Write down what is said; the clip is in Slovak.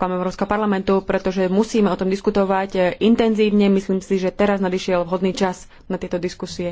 vám Európskeho parlamentu, pretože musíme o tom diskutovať intenzívne. Myslím si, že teraz nadišiel vhodný čas na tieto diskusie.